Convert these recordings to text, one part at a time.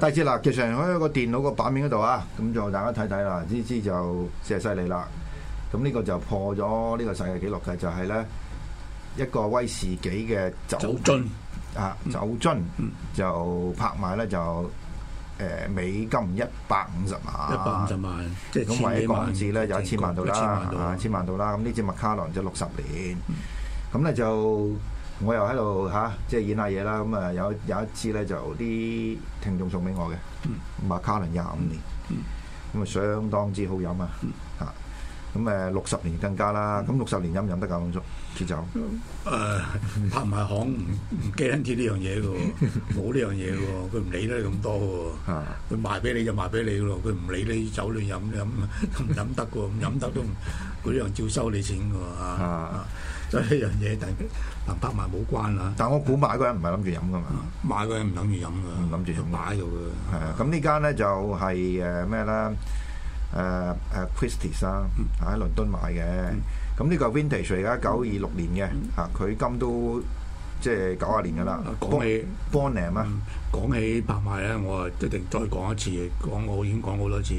第二隻啦，其實喺個電腦個版面嗰度啊，咁就大家睇睇啦，呢支就即係犀利啦。咁呢個就破咗呢個世界紀錄嘅，就係、是、咧一個威士忌嘅酒樽啊，進嗯、酒樽就拍賣咧就誒、呃、美金一百五十萬，一百五十萬即係千幾萬字咧，有一千萬到啦，千萬到啦。咁呢支麥卡倫就六十年，咁咧、嗯、就。嗯我又喺度嚇，即係演下嘢啦。咁啊，有有一次咧就啲聽眾送俾我嘅，麥卡倫廿五年，咁啊相當之好飲啊嚇。咁誒六十年更加啦。咁六十年飲唔飲得夠滿足啲酒？誒拍賣行唔記得呢樣嘢嘅喎，冇呢樣嘢嘅喎，佢唔理得你咁多嘅喎。佢賣俾你就賣俾你嘅咯，佢唔理你酒亂飲飲飲得嘅喎，飲得都佢呢樣照收你錢嘅喎嚇。就呢樣嘢，但係同百萬冇關啊！但係我估買嗰人唔係諗住飲㗎嘛，買嗰人唔諗住飲㗎，唔諗住飲擺喺度㗎。係啊，咁呢間咧就係誒咩啦？誒誒，Christie's 啊，喺倫敦買嘅。咁呢個 Vintage 而家九二六年嘅啊，佢今都。即係九十年嘅啦，講起 b o n n 啊，Born, 嗯、講起拍賣咧，我係一定再講一次，講我已經講好多次，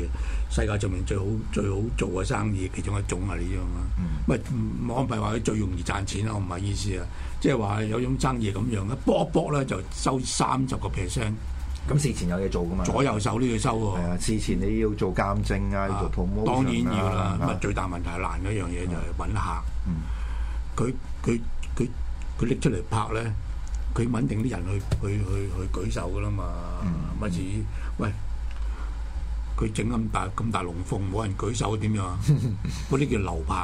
世界上面最好最好做嘅生意其中一種啊，呢樣啊，唔係唔好咁快話佢最容易賺錢啊，我唔係意思啊，即係話有種生意咁樣，打一博博咧就收三十個 percent，咁事前有嘢做㗎嘛，左右手都要收喎。嗯嗯嗯嗯、啊，事前你要做鑑證啊，要做 promotion 啊，當然要喇、最大問題係難一樣嘢、嗯、就係揾客。佢佢佢。佢拎出嚟拍咧，佢穩定啲人去去去去舉手噶啦嘛，乜事、嗯嗯？喂，佢整咁大咁大龍鳳，冇人舉手點、嗯、樣？嗰啲叫流拍，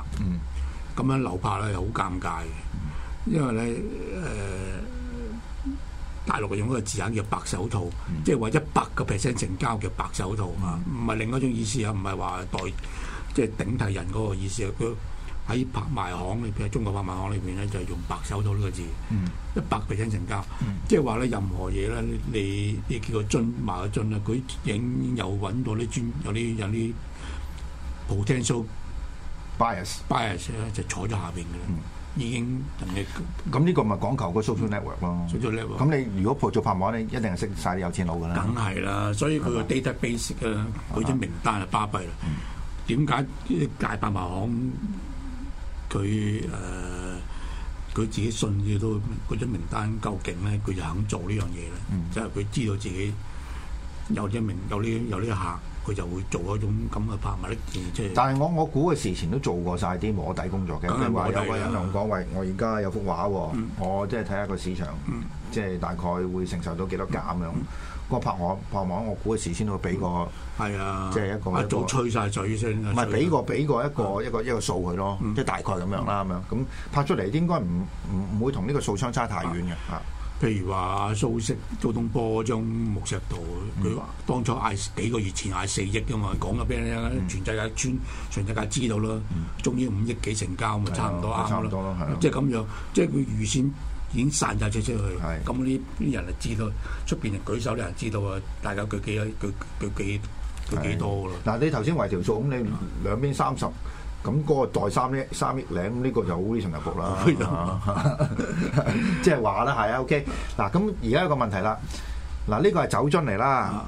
咁樣流拍咧係好尷尬嘅，因為咧誒、呃、大陸用嗰個字眼叫白手套，嗯、即係話一百個 percent 成交叫白手套、嗯、啊，唔係另一種意思啊，唔係話代即係、就是、頂替人嗰個意思啊。喺拍賣行裏邊，中國拍賣行裏邊咧就係、是、用白手套呢個字，一百 percent 成交，嗯、即係話咧任何嘢咧，你你叫個進賣個進啊，佢已經有揾到啲專有啲有啲 potential buyers，buyers 咧就坐咗下邊嘅，嗯、已經同你咁呢、嗯嗯嗯、個咪講求個 social network 咯，social network。咁、嗯、哪你如果做拍賣行咧，一定係識晒啲有錢佬噶啦。梗係啦，所以佢個 database 啊，佢啲名單啊巴閉啦。點解啲大拍賣行？吧佢誒，佢、呃、自己信嘅都嗰張名單究竟咧，佢就肯做呢樣嘢咧，嗯、即係佢知道自己有隻名，有呢有呢客。佢就會做一種咁嘅拍物力。但係我我估嘅事前都做過晒啲摸底工作嘅，有個人同我講，喂，我而家有幅畫，我即係睇下個市場，即係大概會承受到幾多價咁樣。個拍我拍埋我估嘅事先會俾個，係啊，即係一個。啊，早吹晒嘴先。啦。唔係俾個俾個一個一個一個數佢咯，即係大概咁樣啦，咁樣咁拍出嚟應該唔唔唔會同呢個數相差太遠嘅。譬如話啊，蘇軾蘇東坡嗰張木石圖，佢話、嗯、當初嗌幾個月前嗌四億嘅嘛，講咗俾你全世界村，全世界知道咯，嗯、終於五億幾成交，嘛的，差唔多啱咯，差唔多即係咁樣，即係佢預先已經散晒出出去，咁呢啲人就知道，出邊人舉手啲人知道啊，大家佢幾，幾，的幾多佢佢幾佢幾多嘅咯？嗱的，但你頭先圍條數咁，你的兩邊三十。咁嗰個代三億、三億領，呢個就好非常幸福啦。即係、 啊、 話啦，係啊，OK。嗱、啊，咁而家有個問題啦，嗱、啊，呢、這個係酒樽嚟啦。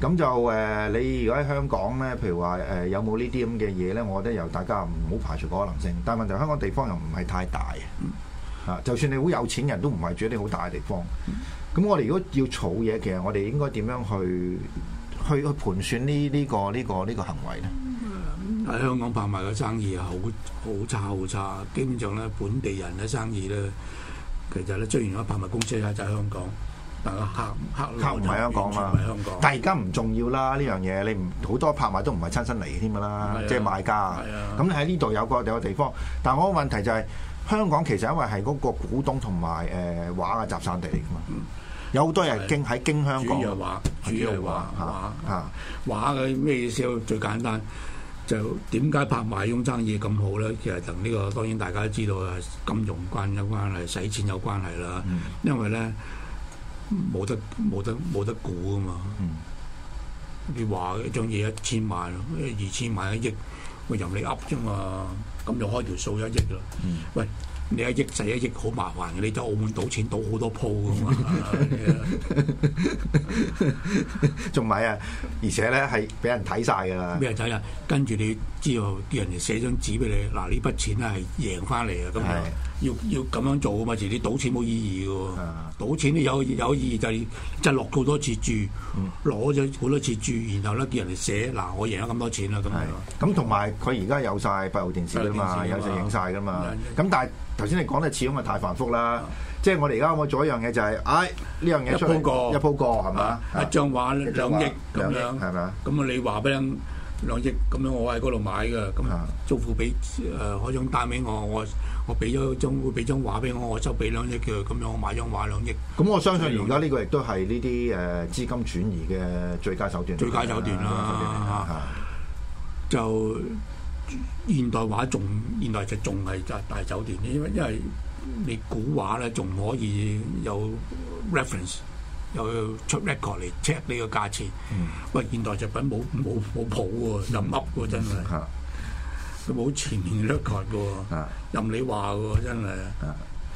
咁、嗯、就誒、呃，你如果喺香港咧，譬如話誒、呃，有冇呢啲咁嘅嘢咧？我覺得由大家唔好排除可能性。但係問題香港地方又唔係太大嘅、啊，就算你好有錢人都唔係住喺啲好大嘅地方。咁我哋如果要儲嘢，其實我哋應該點樣去去去盤算呢、這個？呢、這個呢、這個呢、這個行為咧？喺香港拍賣嘅生意啊，好好差好差，基本上咧本地人嘅生意咧，其實咧雖然嗰拍賣公司喺就喺香港，但係客客唔喺香港嘛，但係而家唔重要啦呢樣嘢，你唔好多拍賣都唔係親身嚟添㗎啦，嗯、即係賣家。咁你喺呢度有個地個地方，但係我個問題就係、是、香港其實因為係嗰個古董同埋誒畫嘅集散地嚟㗎嘛，有好多人經喺經香港。主要畫，是主要畫主要畫啊畫嘅咩意思最簡單。就點解拍賣擁生意咁好咧？其實同呢、呢個當然大家都知道係金融關有關係、使錢有關係啦。嗯、因為咧冇得冇得冇得估啊嘛。嗯、你話一張嘢一千萬，二千萬，一億，咪由你噏啫嘛。咁就開條數一億啦。嗯、喂。你一億就一億，好麻煩嘅，你喺澳門賭錢賭好多鋪㗎嘛，仲咪 啊！而且咧係俾人睇晒㗎啦，俾人睇啦、啊，跟住你知道啲人哋寫張紙俾你，嗱呢筆錢係贏翻嚟嘅咁啊。 就 要要咁樣做啊嘛！遲啲賭錢冇意義嘅喎，賭錢有有意義就係即係落好多次注，攞咗好多次注，然後咧叫人哋寫嗱，我贏咗咁多錢啦咁樣。咁同埋佢而家有晒，閉路電視啊嘛，有成影晒噶嘛。咁但係頭先你講得似咁咪太繁複啦。啊、即係我哋而家我做一、就係哎、樣嘢就係，唉，呢樣嘢一鋪過一鋪過係嘛？一張畫兩億咁樣係咪啊？咁啊你話俾人。兩億咁樣我，我喺嗰度買嘅，咁租戶俾誒開張單俾我，我我俾咗張，會俾張畫俾我，我收俾兩億，嘅咁樣我買張畫兩億。咁我相信而家呢個亦都係呢啲誒資金轉移嘅最佳手段。最佳手段啦、啊，就現代畫仲現代就仲係大大手段，因為因為你古畫咧仲可以有 reference。又出 record 嚟 check 呢個價錢，喂，現代作品冇冇冇譜喎，又噏喎真係，都冇前面 record 喎，任你話喎真係。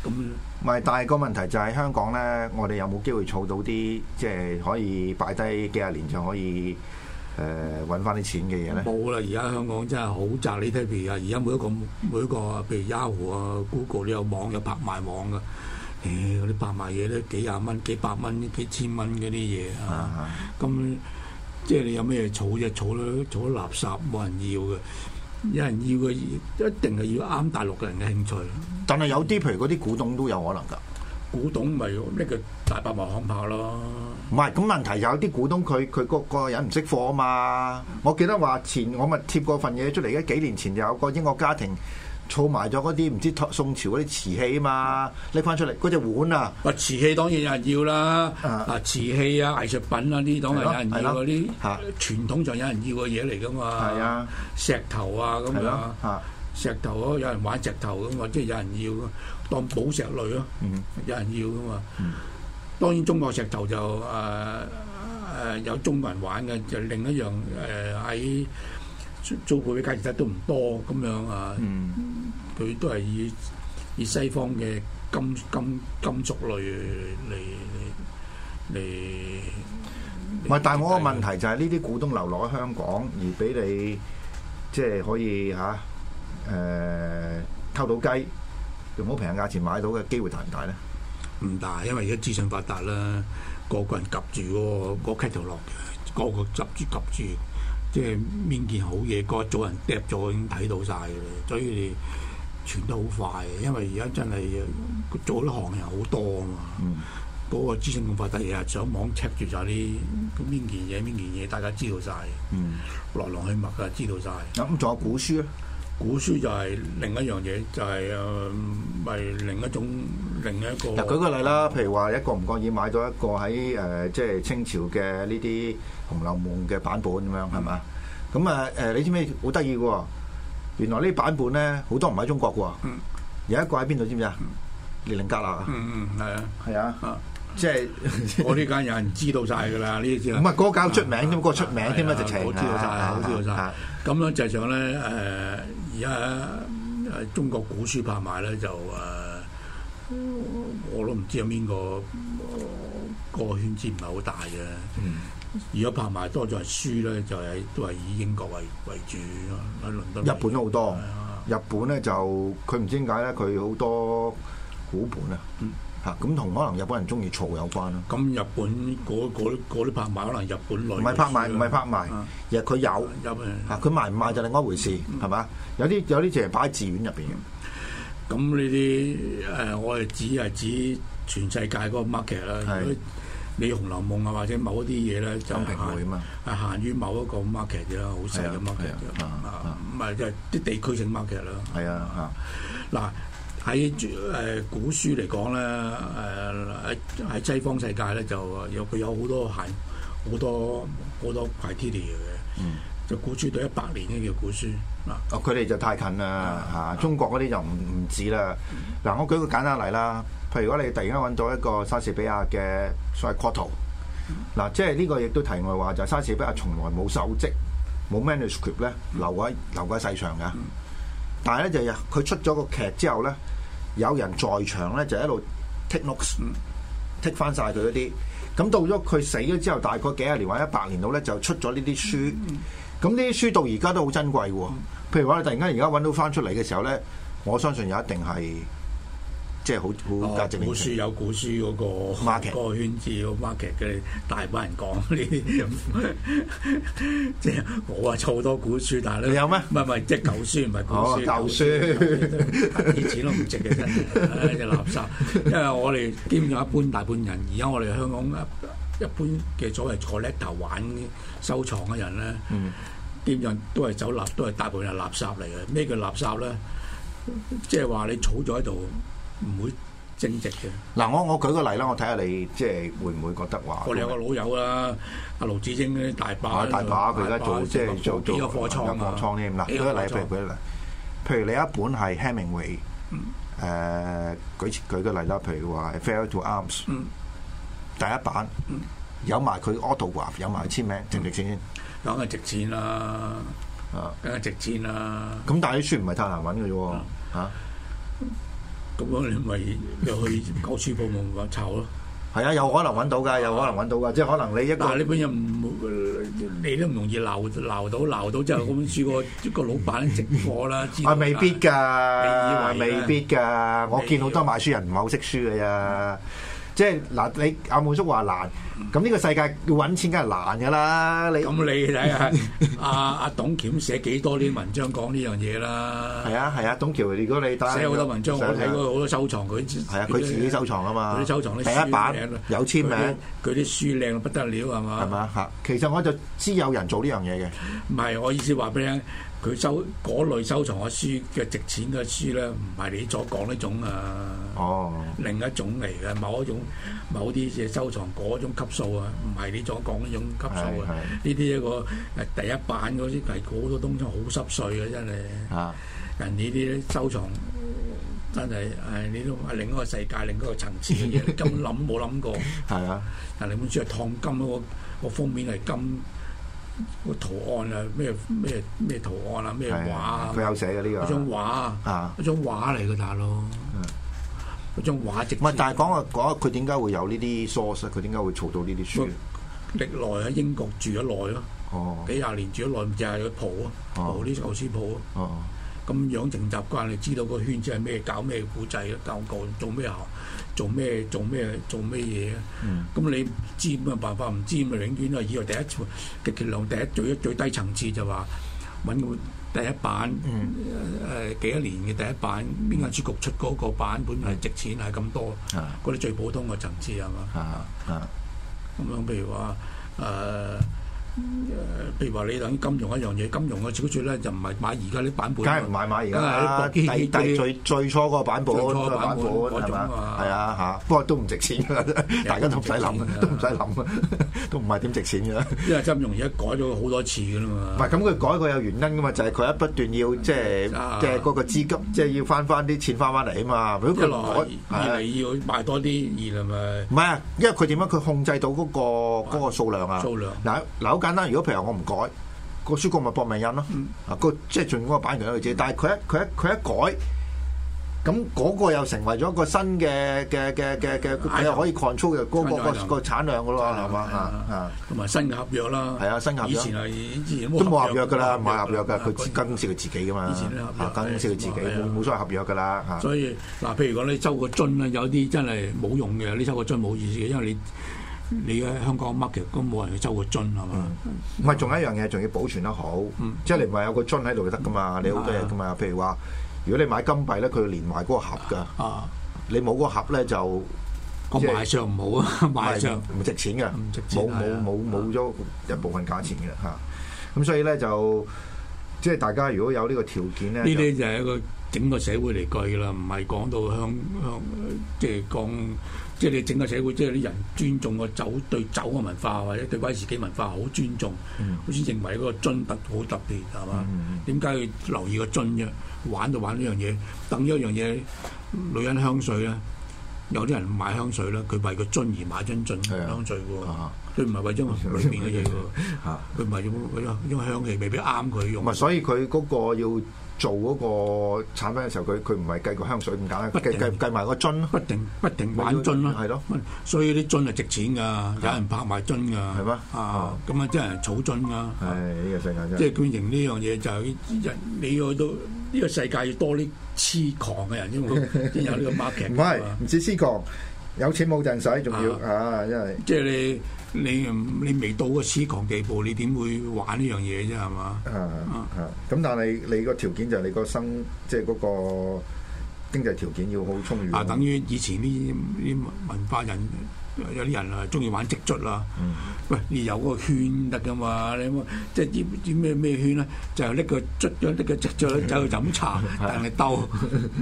咁唔係，但係個問題就係香港咧，我哋有冇機會儲到啲即係可以擺低幾十年就可以誒揾翻啲錢嘅嘢咧？冇啦！而家香港真係好窄，你睇譬如而家每一個每一個譬如 Yahoo 啊、Google 都有網，有拍賣網噶。誒嗰啲百萬嘢都幾廿蚊、幾百蚊、幾千蚊嗰啲嘢啊！咁即係你有咩嘢儲啫？儲都儲啲垃圾，冇人要嘅。有人要嘅，一定係要啱大陸嘅人嘅興趣。但係有啲譬如嗰啲古董都有可能㗎。古董咪咁，你佢大百萬恐怕咯。唔係，咁問題有啲古董佢佢個個人唔識貨啊嘛。我記得話前我咪貼過份嘢出嚟嘅，幾年前就有個英國家庭。儲埋咗嗰啲唔知宋朝嗰啲瓷器啊嘛，拎翻出嚟嗰隻碗啊，瓷器當然有人要啦，啊瓷器啊藝術品啊呢啲當係有人要嗰啲的傳統上有人要嘅嘢嚟噶嘛，啊、石頭啊咁啊，的啊石頭嗰有人玩石頭咁嘛，即係有人要當寶石類咯、啊，嗯、有人要噶嘛，嗯嗯、當然中國石頭就誒誒、呃呃、有中國人玩嘅就另一樣誒喺。呃租賃嗰啲價值都唔多咁樣啊！佢都係以以西方嘅金金金屬類嚟嚟嚟。唔係，但係我個問題就係呢啲股東流落喺香港，而俾你即係可以嚇誒偷到雞，用好平嘅價錢買到嘅機會大唔大咧？唔大，因為而家資訊發達啦，個個人 𥄫 住喎，個 catalogue 落，個個 𥄫 住 𥄫 住。即係邊件好嘢，個組人揼咗已經睇到晒嘅啦，所以你傳得好快。因為而家真係做嗰行人好多啊嘛，嗰、嗯、個資訊咁快，第二日上網 check 住晒啲咁邊件嘢，邊件嘢大家知道晒，來龍、嗯、去脈嘅知道晒。咁仲、嗯、有古書咧。古書就係另一樣嘢，就係誒，咪另一種另一個。嗱，舉個例啦，譬如話，一個唔覺意買咗一個喺誒，即係清朝嘅呢啲《紅樓夢》嘅版本咁樣，係嘛？咁啊誒，你知唔知好得意嘅？原來呢版本咧，好多唔喺中國嘅喎。嗯。有一個喺邊度知唔知啊？列寧格勒啊。嗯嗯，係啊。係啊。啊。即係我呢間有人知道曬嘅啦，呢啲知。唔係嗰間出名啫嘛，嗰個出名添啊，直情。我知道曬，我知道曬。咁樣就係想咧誒。而家，誒，中國古書拍賣咧，就誒、啊，我都唔知有邊個、啊、個圈子唔係好大嘅。嗯，如果拍賣多咗係書咧，就係都係以英國為為主，喺倫敦。日本都好多。啊、日本咧就佢唔知點解咧，佢好多古本啊。嗯。嚇，咁同可能日本 ada, 人中意嘈有關啦。咁日本嗰啲拍賣，可能日本女唔係拍賣，唔係拍賣，其實佢有嚇，佢賣唔賣就係、另外一回事，係嘛？有啲有啲就係擺喺寺院入邊。咁呢啲誒，我哋只係指全世界嗰個 market 啦。如果你《紅樓夢》啊，或者某一啲嘢咧，就係、限係限於某一個 market 嘅啦，好細嘅 market 嘅啊啊，咪、啊啊啊 er, 就係啲地區性 market 咯。係啊，嗱、啊。啊。喺誒古書嚟講咧，誒喺喺西方世界咧就有佢有好多限好多好多 criteria 嘅，嗯、就古書到一百年嘅叫古書嗱，佢哋就太近啦嚇，嗯、中國嗰啲就唔唔止啦。嗱、嗯，我舉個簡單例啦，譬如如果你突然間揾到一個莎士比亞嘅所謂 Quarto、嗯，嗱，即係呢個亦都題外話就係、是、莎士比亞從來冇手跡冇 manuscript 咧留喺、嗯、留喺世上㗎。嗯但係咧就係佢出咗個劇之後咧，有人在場咧就一路 take notes，take 翻晒佢嗰啲。咁到咗佢死咗之後，大概幾廿年或者一百年到咧就出咗呢啲書。咁呢啲書到而家都好珍貴喎。譬如話你突然間而家揾到翻出嚟嘅時候咧，我相信有一定係。即係好好價值，古書有古書嗰、嗰個 market 個圈子，個 market 嘅大班人講呢啲。咁。 即係我啊，儲好多古書，但係你有咩？唔係唔係，即係舊書唔係古書。舊、哦、書啲錢都唔值嘅，真係垃圾。因為我哋基本上一般大半人，而家我哋香港一一般嘅所謂坐叻頭玩收藏嘅人咧，基本上都係走垃，都係大部分係垃圾嚟嘅。咩叫垃圾咧？即係話你儲咗喺度。唔會增值嘅。嗱，我我舉個例啦，我睇下你即係會唔會覺得話我哋有個老友啦，阿盧子英呢大把，大把佢而家做即係做做有貨倉啊，貨倉呢咁啦。舉個例，譬如舉個例，譬如你一本係 Hemingway 誒舉舉個例啦，譬如話 Fair to Arms，第一版，有埋佢 autograph，有埋簽名，值唔值錢？梗係值錢啦，梗係值錢啦。咁但係啲書唔係太難揾嘅啫喎，嚇。咁樣你咪又去各處部門揾查咯，係啊，有可能揾到㗎，有可能揾到㗎，啊、即係可能你一個呢邊又冇，你都唔容易流流到流到，到之後就咁試個個老闆直貨啦。啊，未必㗎、啊，未必㗎，我見好多買書人唔係好識書嘅呀。即係嗱，你阿滿叔話難，咁呢個世界要揾錢梗係難噶啦。你咁你睇下阿阿董橋寫幾多啲文章講呢樣嘢啦。係啊係啊，董橋如果你多 寫好多文章， 我睇過好多收藏佢。係啊，佢 自己收藏啊嘛。佢啲 收藏啲書名有簽名，佢啲書靚到不得了，係嘛吧？係嘛嚇？其實我就知有人做呢樣嘢嘅。唔係，我意思話俾你聽。佢收嗰類收藏嘅書嘅值錢嘅書咧，唔係你所講呢種啊，oh. 另一種嚟嘅，某一種某啲嘢收藏嗰種級數啊，唔係你所講呢種級數啊。呢啲、oh. 一個誒第一版嗰啲係好多東西好濕碎嘅，真係。啊！Oh. 人呢啲收藏真係誒、哎，你都係另一個世界、另一個層次嘅嘢， 根本諗冇諗過。係 啊！嗱，你本書係燙金咯，嗰個封面係金，個圖案啊，咩咩咩圖案啊，咩畫啊，佢有寫嘅呢個，一張畫啊，一張畫嚟噶大佬，啊、一張畫直。唔但係講啊講，佢點解會有呢啲 source？佢點解會儲到呢啲書、啊？歷來喺英國住咗耐咯，哦，幾廿年住咗耐，咪就係去鋪啊，鋪啲舊書鋪啊。咁養成習慣，你知道個圈子係咩，搞咩古仔咯，搞做做咩學，做咩做咩做咩嘢啊？咁、嗯嗯、你知咁嘅辦法，唔知咁永遠啊！以後第一次極其量第一做最，最低層次就話揾第一版，誒、嗯呃、幾多年嘅第一版，邊間、嗯、書局出嗰個版本係值錢係咁多，嗰啲、嗯、最普通嘅層次係嘛？啊咁樣譬如話誒。誒，譬如話你睇金庸一樣嘢，金庸嘅小說咧就唔係買而家啲版本，梗係唔買買而家啦。第第最最初嗰個版本，最初版本係咪？係啊吓，不過都唔值錢噶大家都唔使諗，都唔使諗，都唔係點值錢嘅。因為金庸而家改咗好多次噶啦嘛。唔係，咁佢改佢有原因噶嘛？就係佢一不斷要即係嘅嗰個資金，即係要翻翻啲錢翻翻嚟啊嘛。如果佢改，係要賣多啲，而係咪？唔係啊，因為佢點樣？佢控制到嗰個嗰個數量啊。數量。嗱，樓。簡單，如果譬如我唔改個書局咪搏命印咯，啊個即係進嗰個版權都去借，但係佢一佢一佢一改，咁嗰個又成為咗個新嘅嘅嘅嘅嘅，佢又可以 control 嘅嗰個個個產量噶啦，係嘛，同埋新嘅合約啦，係啊新合約，以前都冇合約噶啦，唔係合約噶，佢間公司佢自己噶嘛，啊間公司佢自己冇所謂合約噶啦，所以嗱譬如講你收個樽啦，有啲真係冇用嘅，你收個樽冇意思嘅，因為你。你喺香港乜嘢都冇人去收個樽係嘛？唔係，仲、嗯、有一樣嘢，仲要保存得好。嗯，即係唔係有個樽喺度就得㗎嘛？嗯、你好多嘢㗎嘛？的譬如話，如果你買金幣咧，佢連埋嗰個盒㗎。啊！你冇嗰個盒咧就個賣相唔好啊，賣相唔值錢㗎，冇冇冇冇咗一部分價錢㗎嚇。咁、嗯嗯、所以咧就即係大家如果有呢個條件咧，呢啲、嗯、就係一個整個社會嚟計啦，唔係講到香香即係講。即係你整個社會，即係啲人尊重個酒，對酒嘅文化或者對威士忌文化好尊重，嗯、好似認為嗰個樽特好特別，係嘛？點解、嗯嗯、要留意個樽啫？玩就玩呢樣嘢，等咗一樣嘢，女人香水咧，有啲人買香水咧，佢為個樽而買樽樽香水喎，佢唔係為咗裏邊嘅嘢喎，佢唔係為咗的、啊、香氣未必啱佢用。所以佢嗰個要。做嗰個產品嘅時候，佢佢唔係計個香水咁簡單，計不停計不計埋個樽，不定不定玩樽咯，係咯，所以啲樽係值錢㗎，啊、有人拍賣樽㗎，係嘛？哦、啊，咁啊即係炒樽啦，係呢、哎呢個世界真。即係經營呢樣嘢就人、是、你要去到呢、呢個世界要多啲痴狂嘅人先會先有呢個 market 唔係唔止痴狂。有錢冇陣使，仲要啊！因為、啊、即係你你你未到個痴狂地步，你點會玩呢樣嘢啫？係嘛？咁、啊啊、但係你個條件就係你個生即係嗰個經濟條件要好充裕。啊，啊等於以前啲啲文化人。有啲人啊，中意玩積卒啦。喂，你有個圈得噶嘛？你冇即係知知咩咩圈咧、啊，就係、是、搦個卒咗，搦個卒咗走去飲茶，但係鬥。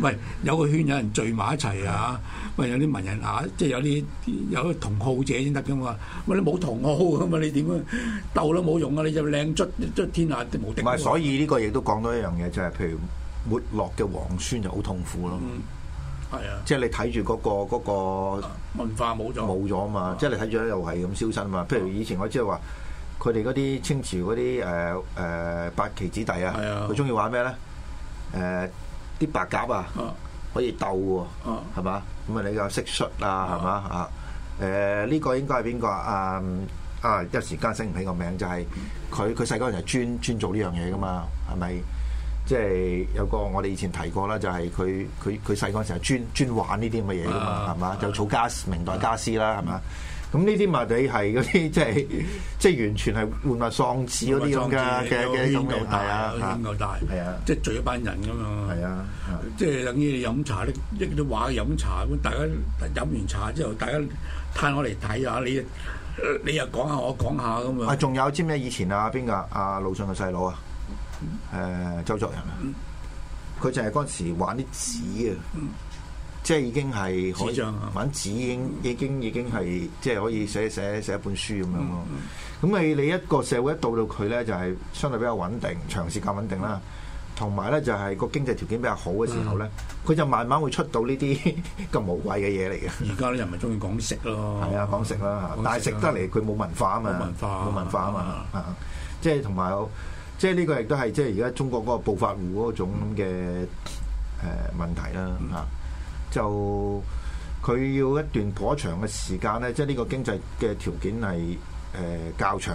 喂 有個圈，有人聚埋一齊啊。喂、嗯啊就是，有啲文人啊，即係有啲有同好者先得噶嘛。喂，你冇同好咁啊，你點樣鬥都冇用啊！你就靚卒，卒天下無敵、啊。唔係，所以呢個亦都講到一樣嘢，就係、是、譬如沒落嘅皇孫就好痛苦咯。嗯係啊，即係你睇住嗰個文化冇咗冇咗啊嘛！即係你睇住咧又係咁消失啊嘛！譬如以前我即係話，佢哋嗰啲清朝嗰啲誒誒八旗子弟啊，佢中意玩咩咧？誒、呃、啲白鴿啊，啊可以鬥喎，係嘛？咁啊，你又識術啊，係嘛？嚇誒呢個應該係邊個啊？啊一時間醒唔起個名，就係佢佢細個人係專專做呢樣嘢噶嘛，係咪？即係有個我哋以前提過啦，就係佢佢佢細個時候專專玩呢啲咁嘅嘢噶嘛，係嘛？就儲家明代家私啦，係嘛？咁呢啲咪你係嗰啲即係即係完全係換埋喪紙嗰啲咁噶嘅嘅咁樣係是啊，嚇，夠大係啊，即係聚一班人咁嘛，係啊，即係等於你飲茶咧，一啲話飲茶咁，大家飲完茶之後，大家攤我嚟睇下你，你又講下我講下咁樣。仲有知唔知以前啊邊個啊魯迅嘅細佬啊？誒周作人啊，佢就係嗰陣時玩啲紙啊，即係已經係可以玩紙，已經已經已經係即係可以寫寫寫一本書咁樣咯。咁你你一個社會一到到佢咧，就係相對比較穩定、長時間穩定啦，同埋咧就係個經濟條件比較好嘅時候咧，佢就慢慢會出到呢啲咁無謂嘅嘢嚟嘅。而家啲人咪中意講食咯，係啊講食啦，但係食得嚟佢冇文化啊嘛，冇文化冇文化啊嘛，即係同埋。即係呢個亦都係即係而家中國嗰個暴發戶嗰種嘅誒問題啦嚇，嗯、就佢要一段頗長嘅時間咧，即係呢個經濟嘅條件係誒較長，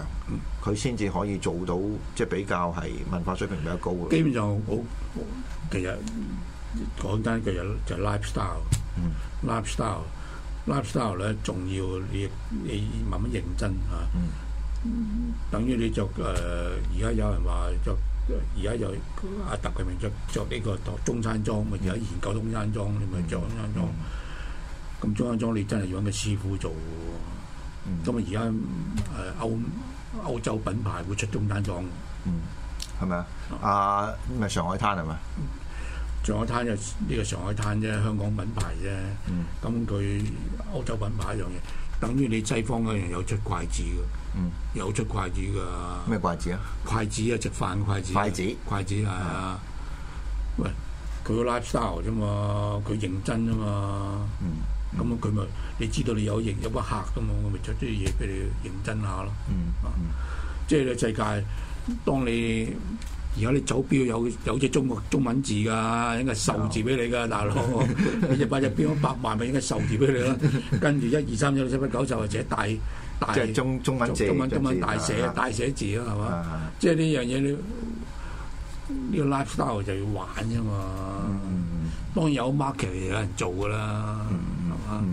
佢先至可以做到即係、就是、比較係文化水平比較高嘅。基本上，好好其實講真，佢好就就 lifestyle，lifestyle，lifestyle 咧仲要你，你你慢慢認真嚇。嗯嗯。嗯、等於你著誒，而、呃、家有人話著，而家又阿特佢明着，着呢個中山裝，咪、嗯、研究中山裝，你咪着中山裝。咁、嗯、中山裝你真係要揾個師傅做。咁啊、嗯，而家誒歐歐洲品牌會出中山裝，係咪、嗯、啊？阿咩上海灘係咪？上海灘就呢、是這個上海灘啫，香港品牌啫。咁佢歐洲品牌一樣嘢。等於你西方嘅人有出筷子嘅，嗯，有出筷子噶。咩筷、啊、子啊？筷子，子、子啊，食飯筷子。筷子，筷子啊！喂，佢個 lifestyle 啫嘛，佢認真啫嘛。嗯。咁啊、嗯，佢咪你知道你有型，有乜客噶嘛？我咪出啲嘢俾你認真下咯。嗯。啊。嗯、即係咧，世界，當你。而家你走表有有隻中個中文字㗎，應該係數字俾你㗎。大佬，你八隻表一百萬咪應該數字俾你咯，跟住一二三、四、六、七、八、九、十或者大，即係中中文字，中文字大寫大寫字啊，係嘛？即係呢樣嘢，你呢個 lifestyle 就要玩啫嘛。當然有 market 有人做㗎啦，係嘛？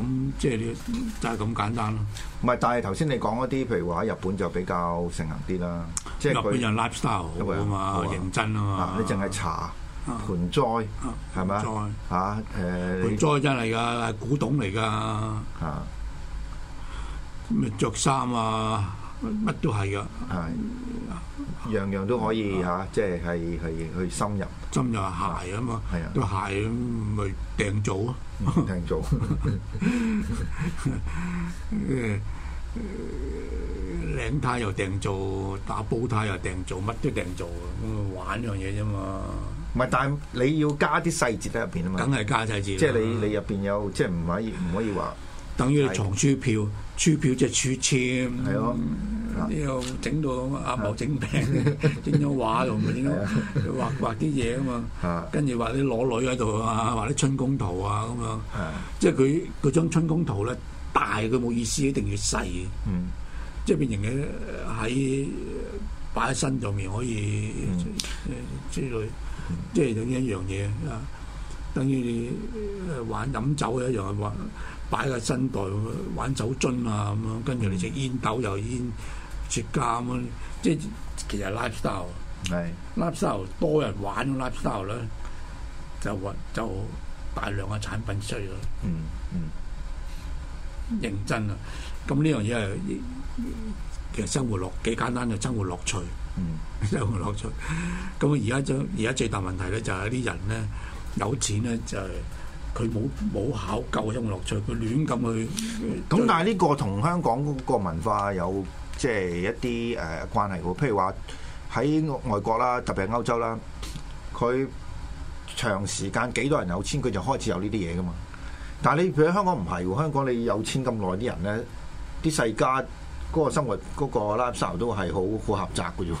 咁即係你就係咁簡單咯。唔係，但係頭先你講嗰啲，譬如話喺日本就比較盛行啲啦。即係日本人 life style 為好，好啊嘛，認真啊嘛。你淨係茶盆栽係咪、啊、盆栽，啊？呃、盆栽真係㗎，係古董嚟㗎。啊，咁咪著衫啊。乜都係噶，啊，樣樣都可以吓，啊，即係係係去深入。深入鞋啊嘛，的都鞋咪訂做啊，訂、嗯、做。 領呔又訂做，打煲呔又訂做，乜都訂做啊！玩樣嘢啫嘛。唔係，但係你要加啲細節喺入邊啊嘛。梗係加細節。即係你你入邊有，即係唔可以唔可以話，等於你藏書票出票就出簽，一又整到阿茂整餅，整張一一畫喺度，整張畫一畫啲嘢啊嘛，跟住畫啲裸女喺度啊，畫啲春宮圖啊咁樣，一即係佢嗰張春宮圖咧大佢冇意思一、嗯，一定要細，即係變成嘅喺擺喺身上面可以之類，嗯、一即係有一樣嘢啊，等於玩飲酒一樣啊玩。擺個身袋玩酒樽啊咁樣，跟住你食煙斗又煙雪茄咁啊！即係其實 lifestyle，lifestyle 是 life 多人玩 lifestyle 咧，就運就大量嘅產品需咯、嗯。嗯嗯，認真啊！咁呢樣嘢係其實生活樂幾簡單嘅生活樂趣。嗯， 生活樂趣。咁而家將而家最大問題咧、就是，就係啲人咧有錢咧就係。佢冇冇考究音樂趣，佢亂咁去。咁、嗯、但係呢個同香港個文化有即係、就是、一啲誒、呃、關係喎。譬如話喺外國啦，特別係歐洲啦，佢長時間幾多人有錢，佢就開始有呢啲嘢㗎嘛。但係你譬如香港唔係喎，香港你有錢咁耐啲人咧，啲世家嗰個生活嗰、那個 life style 都係好好狹窄㗎啫。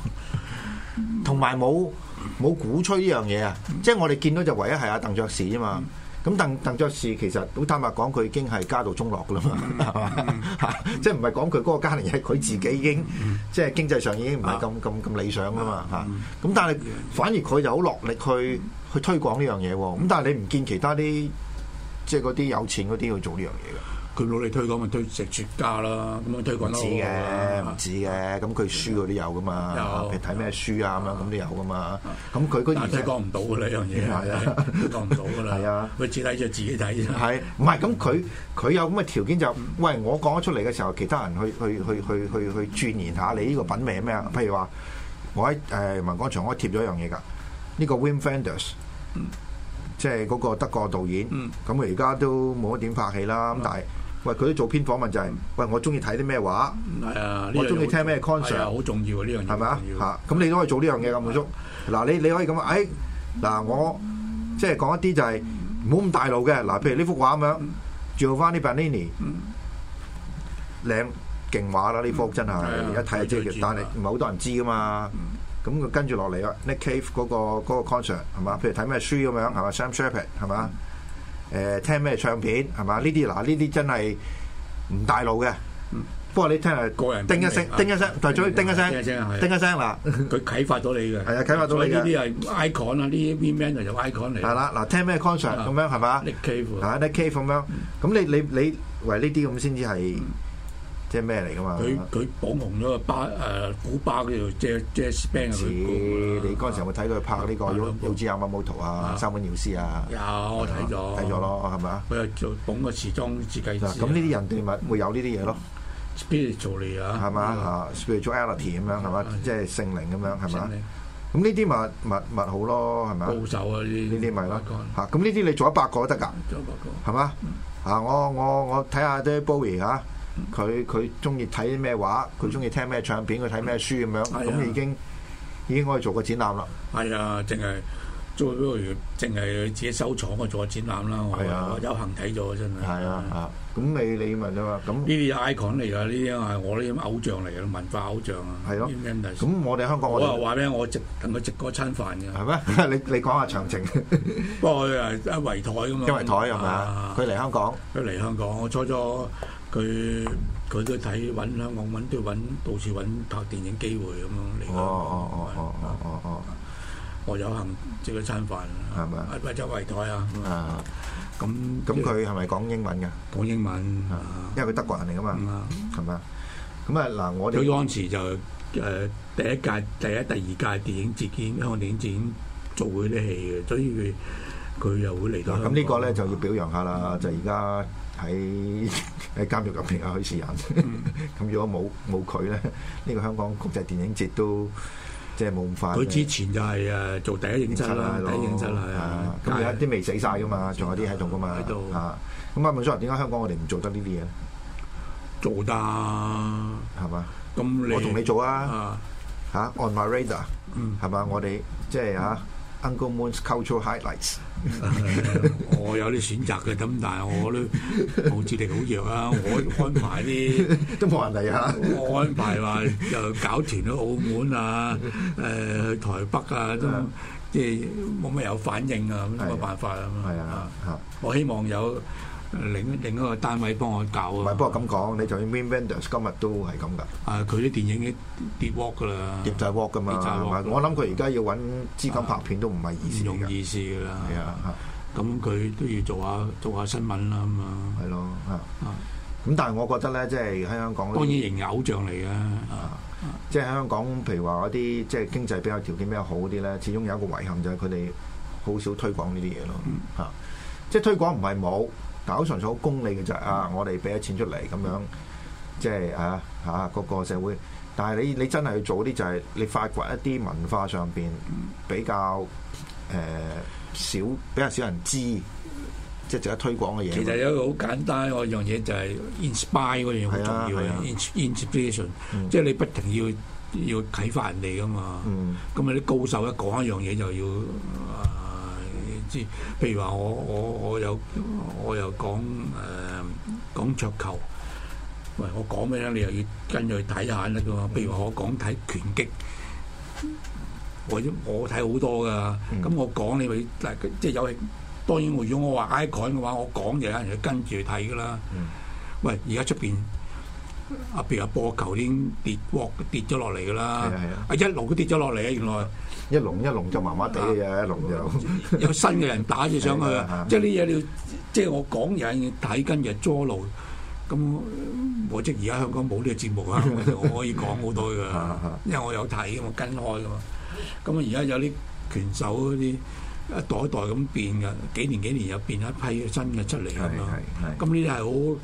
同埋冇冇鼓吹呢樣嘢啊！嗯、即係我哋見到就唯一係阿鄧爵士吖嘛。嗯。咁鄧鄧卓士其實好坦白講，佢已經係家道中落噶啦嘛，係嘛？即係唔係講佢嗰個家庭，係佢自己已經即係 經濟上已經唔係咁咁咁理想噶嘛，嚇。咁但係反而佢就好落力去 去推廣呢樣嘢喎。咁但係你唔見其他啲即係嗰啲有錢嗰啲去做呢樣嘢嘅。佢努力推廣咪推成專家啦，咁咪推廣咯。嘅，唔止嘅。咁佢書嗰啲有噶嘛？有。譬如睇咩書啊咁樣，咁都有噶嘛。咁佢嗰陣時講唔到噶啦，樣嘢係啊，講唔到噶啦。係啊，佢自己睇就自己睇啫。係，唔係咁佢佢有咁嘅條件就，喂，我講咗出嚟嘅時候，其他人去去去去去去鑽研下你呢個品味係咩啊？譬如話，我喺誒文廣場我貼咗一樣嘢㗎，呢個 Wim Wenders，即係嗰個德國導演。咁佢而家都冇乜點拍戲啦，咁但係。喂，佢啲做編訪問就係，喂，我中意睇啲咩畫？係啊，我中意聽咩 concert？好重要啊呢樣嘢。係咪啊？嚇，咁你都可以做呢樣嘢噶，滿叔。嗱，你你可以咁話，誒，嗱，我即係講一啲就係唔好咁大路嘅。嗱，譬如呢幅畫咁樣，做翻啲 Benini，靚勁畫啦，呢幅真係而家睇就知嘅。但係唔係好多人知噶嘛？咁佢跟住落嚟啊，Nick Cave 嗰個嗰個 concert 係嘛？譬如睇咩書咁樣係嘛？Sam Shepard 係嘛？誒聽咩唱片係嘛？呢啲嗱，呢啲真係唔大路嘅。不過你聽下個人叮一聲，叮一聲，台咀叮一聲，叮一聲嗱，佢啟發到你嘅。係啊，啟發到你嘅。呢啲係 icon 啊，呢啲 man 又係 icon 嚟。係啦，嗱，聽咩 concert 咁樣係嘛？Nick Cave 啊，Nick Cave 咁樣。咁你你你為呢啲咁先至係。即係咩嚟㗎嘛？佢佢捧紅咗巴誒古巴嗰條 J J Span。屎！你嗰陣時有冇睇佢拍呢個《Yohji Yamamoto》啊，《山本耀司》啊？有睇咗睇咗咯，係咪啊？佢又做捧個時裝設計師。咁呢啲人對物會有呢啲嘢咯？spiritual 啊？係嘛啊？spirituality 咁樣係嘛，即係聖靈咁樣係嘛？咁呢啲咪咪咪好咯，係咪啊？高手啊！呢啲呢啲咪咯嚇。咁呢啲你做一百個都得㗎？做一百個係嘛？嚇！我我我睇下啲 Bowie 嚇。佢佢中意睇咩畫，佢中意聽咩唱片，佢睇咩書咁樣，咁已經已經可以做個展覽啦。係啊，淨係做幾個月，淨係自己收藏啊，做個展覽啦。係啊，有幸睇咗真係。係啊，咁你你問啊嘛？咁呢啲 icon 嚟噶，呢啲啊，我呢啲偶像嚟噶，文化偶像啊。係咯。咁我哋香港我話畀你，我直等佢食過餐飯噶。係咩？你你講下詳情。不過佢係一圍台咁樣。一圍台係嘛，佢嚟香港，佢嚟香港，我初初。佢佢都睇揾香港揾都揾到處揾拍電影機會咁樣嚟香港。哦哦哦哦哦哦，我有幸食咗餐飯，係咪啊？或者圍台啊？啊，咁咁佢係咪講英文噶？講英文，因為佢德國人嚟噶嘛，係咪？咁啊嗱，我哋有當時就誒第一屆第一第二屆電影節，香港電影節做嗰啲戲嘅，所以佢又會嚟到香港。咁呢個咧就要表揚下啦，就而家。喺喺監獄入面啊，許仕仁。咁，如果冇冇佢咧，呢個香港國際電影節都即係冇咁快。佢之前就係誒做第一影質啦，第一影質係啊，咁有啲未死晒噶嘛，仲有啲喺度噶嘛，喺度啊，咁啊，問叔人點解香港我哋唔做得呢啲嘢做得係嘛，咁我同你做啊，嚇 On my radar，係嘛？我哋即係啊。Uncle Moon's cultural highlights，我有啲選擇嘅，咁但係我都號召力好弱啊！我安排啲都冇人嚟啊！我安排話又搞團去澳門啊，誒去台北啊，都即係冇乜有反應啊，冇辦法咁啊！我希望有。另另一個單位幫我搞，唔係不我咁講。你就算 Vendus 今日都係咁噶。啊，佢啲電影啲跌 k 㗎啦。跌就係蝕㗎嘛。唔係，我諗佢而家要揾資金拍片都唔係易事噶。唔容易事㗎啦。係啊，咁佢都要做下做下新聞啦咁啊。係咯，咁但係我覺得咧，即係喺香港當然型偶像嚟嘅啊。即係喺香港，譬如話嗰啲即係經濟比較條件比較好啲咧，始終有一個遺憾就係佢哋好少推廣呢啲嘢咯。嚇，即係推廣唔係冇。搞純粹好功利嘅就係啊，我哋俾咗錢出嚟咁樣，即係嚇嚇個個社會。但係你你真係要做啲就係你發掘一啲文化上邊比較誒少、呃、比較少人知，即係值得推廣嘅嘢。其實有一個好簡單嘅一樣嘢就係 inspire 嗰樣好重要嘅、啊啊、inspiration，、嗯、即係你不停要要啟發人哋㗎嘛。咁啊啲高手一講一樣嘢就要。呃知，譬如話我我我有我又講誒講桌球，喂我講咩咧？你又要跟住去睇下咧㗎嘛？譬如話我講睇拳擊，我我睇好多噶，咁我講你咪，但係即係有係當然，如果我話 icon 嘅話，我講就有人要跟住去睇㗎啦。喂，而家出邊？阿譬如個波球已經跌鑊跌咗落嚟噶啦，一龍都跌咗落嚟啊！原來一龍一龍就麻麻地啊，一龍就個、啊、新嘅人打住上去啊！的即係呢嘢你要，即係我講嘢睇跟嘅阻路咁我即而家香港冇呢個節目啊， 我可以講好多噶，因為我有睇，我跟開噶嘛。咁啊而家有啲拳手嗰啲一代一代咁變噶，幾年幾年又變一批新嘅出嚟咁咯。咁呢啲係好。的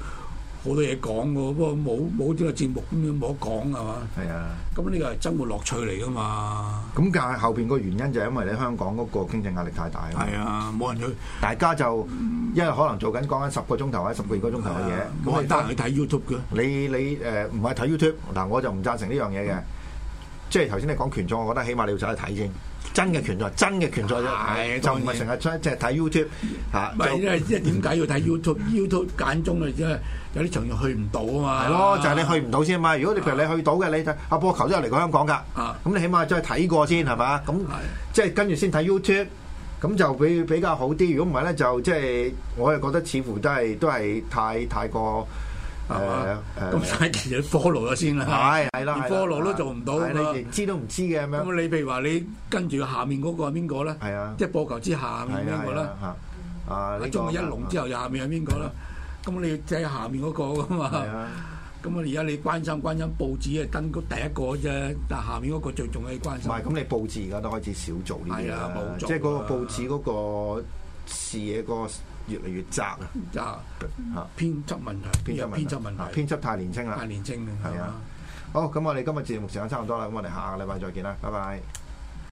好多嘢講喎，不過冇冇呢個節目咁、啊、樣冇得講係嘛？係啊，咁呢個係生活樂趣嚟噶嘛？咁但係後邊個原因就係因為你香港嗰個經濟壓力太大啊嘛。係啊，冇人去，大家就因為可能做緊講緊十個鐘頭或者十幾個鐘頭嘅嘢，冇、啊、你人得閒去睇 YouTube 嘅。你你誒唔係睇 YouTube 嗱，我就唔贊成呢樣嘢嘅，嗯、即係頭先你講權重，我覺得起碼你要走去睇先。真嘅拳賽，真嘅拳賽啫，就唔係成日出，即係睇 YouTube 嚇。唔係，即係點解要睇 YouTube？YouTube 間中啊，即係有啲場要去唔到啊嘛。係咯，就係你去唔到先嘛。如果你譬如你去到嘅，你睇阿波球都有嚟過香港㗎，咁你起碼再係睇過先係嘛？咁即係跟住先睇 YouTube，咁就比比較好啲。如果唔係咧，就即係我又覺得似乎都係都係太太過。係嘛？咁快跌咗 follow 咗先啦，係係啦，連 follow 都做唔到，你知都唔知嘅，咁你譬如話你跟住下面嗰個係邊個咧？係啊，即係播球之下面邊個啦？嚇！啊，你中一籠之後，又下面係邊個啦？咁你即係下面嗰個㗎嘛？咁啊而家你關心關心報紙係登第一個啫，但下面嗰個最重要關心。唔係，咁你報紙而家都開始少做呢啲啦。即係嗰個報紙嗰個視野個。越嚟越窄啊！編輯問題，編輯問題，編輯問題，編輯，輯，輯太年輕啦！太年輕啦！係啊，好，咁，我哋今日節目時間差唔多啦，咁我哋下個禮拜再見啦，拜拜。